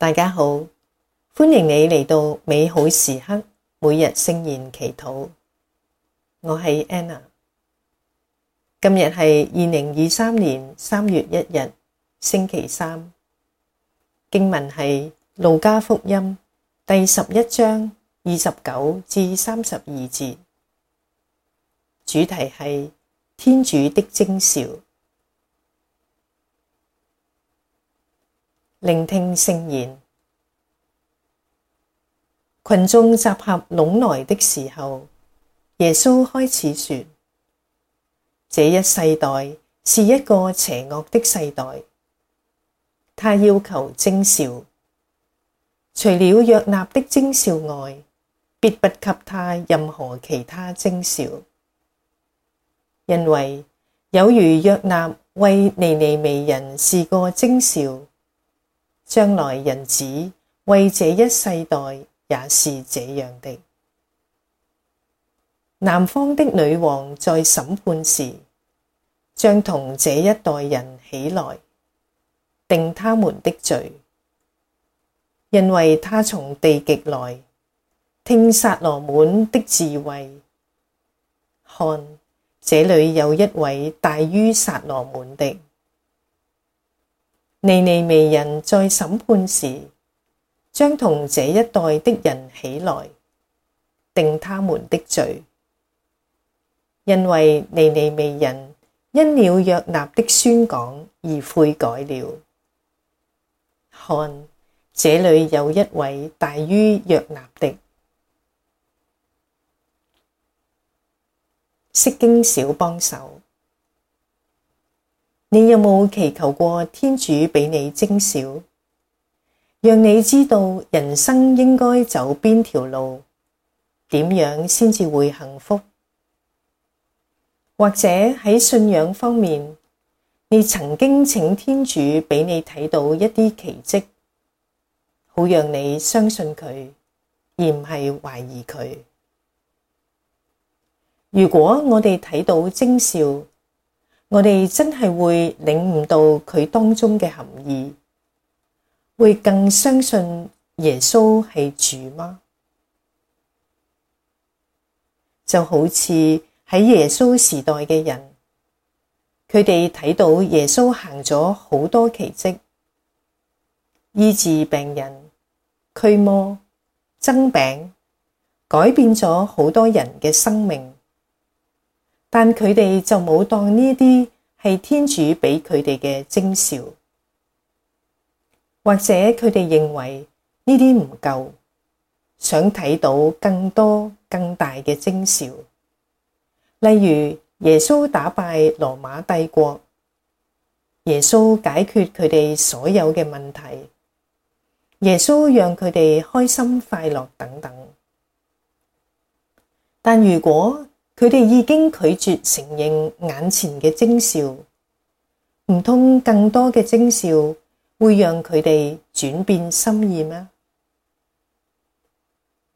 大家好，歡迎你嚟到美好時刻每日聖言祈禱。我係 Anna，今日係二零二三年三月一日星期三，經文係路加福音第十一章二十九至三十二節，主題係天主的徵兆。聆聽聖言，群眾集合攏來的時候，耶穌開始說：這一世代是一個邪惡的世代，他要求徵兆，除了約納的徵兆外，必不給他任何其他徵兆，因為有如約納為尼尼微人是個徵兆。將來人子為這一世代也是這樣的。南方的女王在審判時，將同這一代人起來，定他們的罪，因為她從地極來，聽撒羅滿的智慧，看，這裡有一位大於撒羅滿的。尼尼微人在審判時，將同這一代的人起來，定他們的罪，因為尼尼微人因了約納的宣講而悔改了。看，這裡有一位大於約納的。釋經小幫手。你有冇祈求過天主畀你徵兆，讓你知道人生應該走邊條路，點樣先至會幸福？或者喺信仰方面，你曾經請天主畀你睇到一啲奇迹，好讓你相信佢，而唔係懷疑佢。如果我哋睇到徵兆，我哋真係會領悟到佢當中嘅含義，會更相信耶穌係主嗎？就好似喺耶穌時代嘅人，佢哋睇到耶穌行咗好多奇跡，醫治病人、驅魔、增餅，改變咗好多人嘅生命。但佢哋就冇當呢啲係天主俾佢哋嘅徵兆，或者佢哋認為呢啲唔夠，想睇到更多更大嘅徵兆，例如耶穌打敗羅馬帝國，耶穌解決佢哋所有嘅問題，耶穌讓佢哋開心快樂等等。但如果佢哋已經拒絕承認眼前嘅徵兆，唔通更多嘅徵兆會讓佢哋轉變心意咩？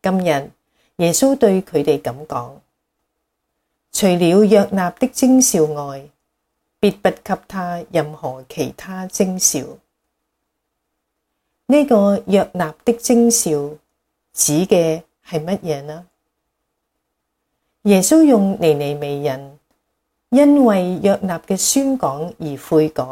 今日耶穌對佢哋咁講：「除了約納的徵兆外，必不給他任何其他徵兆。」呢個約納的徵兆指嘅係乜嘢呢？耶穌用尼尼微人因為約納嘅宣講而悔改，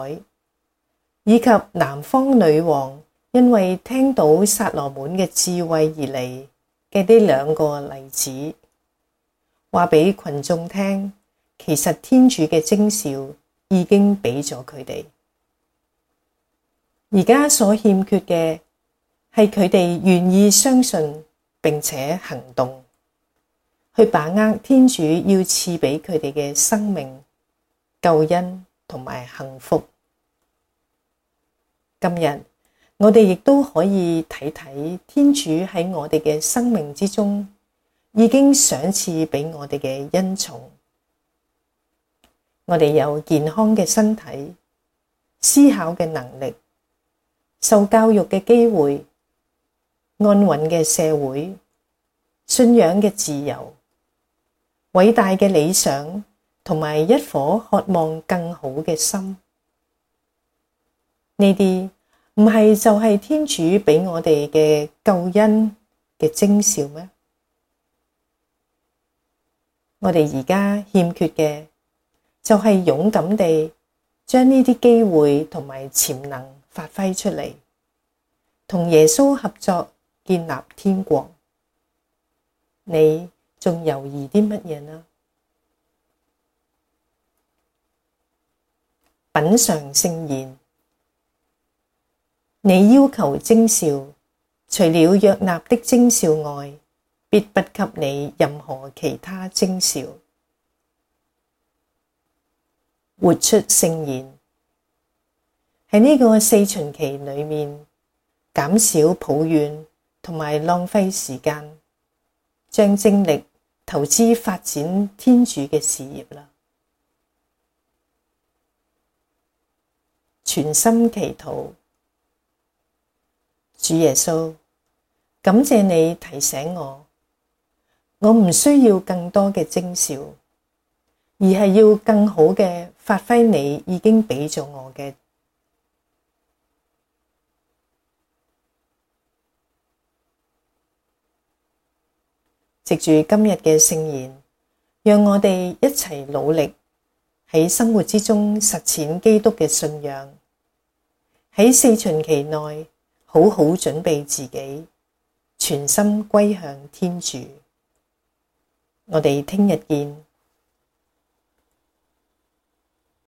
以及南方女王因為聽到撒羅門嘅智慧而嚟嘅呢兩個例子，話俾群眾聽，其實天主嘅徵兆已經俾咗佢哋，而家所欠缺嘅係佢哋願意相信並且行動。去把握天主要賜俾佢哋嘅生命、救恩同埋幸福。今日我哋亦都可以睇睇天主喺我哋嘅生命之中已經賞賜畀我哋嘅恩寵。我哋有健康嘅身體、思考嘅能力、受教育嘅機會、安穩嘅社會、信仰嘅自由。偉大嘅理想同埋一顆渴望更好嘅心，呢啲唔係就係天主畀我哋嘅救恩嘅徵兆咩？我哋而家欠缺嘅就係勇敢地將呢啲機會同埋潛能發揮出嚟，同耶穌合作建立天國。你仲猶豫啲乜嘢呢？品嚐聖言，你要求徵兆，除了約納的徵兆外，必不給你任何其他徵兆。活出聖言，喺呢個四旬期裏面，減少抱怨同埋浪費時間，將精力投資發展天主嘅事業啦，全心祈禱，主耶穌，感謝你提醒我，我唔需要更多嘅徵兆，而係要更好嘅發揮你已經俾咗我嘅。藉住今日嘅聖言，讓我哋一齊努力喺生活之中實踐基督嘅信仰，喺四旬期內好好準備自己，全心歸向天主。我哋聽日見。